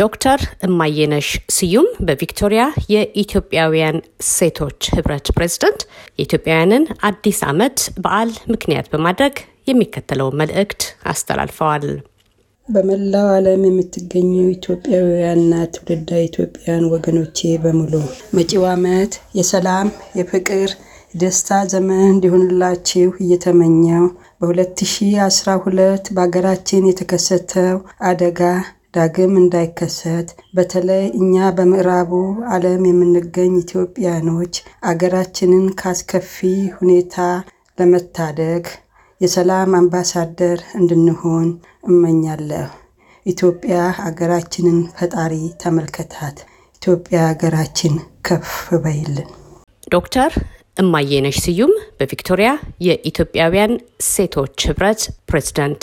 ዶክተር እማየነሽ ስዩም በቪክቶሪያ የኢትዮጵያውያን ሴቶች ህብረት ፕሬዝደንት የኢትዮጵያውያንን አዲስ ዓመት በዓል ምክንያት በማድረግ የሚከተለውን መልእክት አስተላልፈዋል። በመላው ዓለም የምትገኙ ኢትዮጵያውያንና ትውልዳ ኢትዮጵያውያን ወገኖቼ በሙሉ መጪው ዓመት የሰላም፣ የፍቅር፣ የደስታ ዘመን እንዲሆንላችሁ እየተመኘው በ2012 በሀገራችን የተከሰተው አደጋ ዳግም እንዳይከሰት በተለይ እኛ በምዕራቡ ዓለም የምንገኝ ኢትዮጵያኖች አገራችንን ካስከፊ ሁኔታ ለመታደግ የሰላም አምባሳደር እንድንሆን እመኛለሁ። ኢትዮጵያ አገራችንን ፈጣሪ ተመልከታት። ኢትዮጵያ አገራችን ከፍ በይልን። ዶክተር እማየነሽ ስዩም በቪክቶሪያ የኢትዮጵያውያን ሴቶች ህብረት ፕሬዝዳንት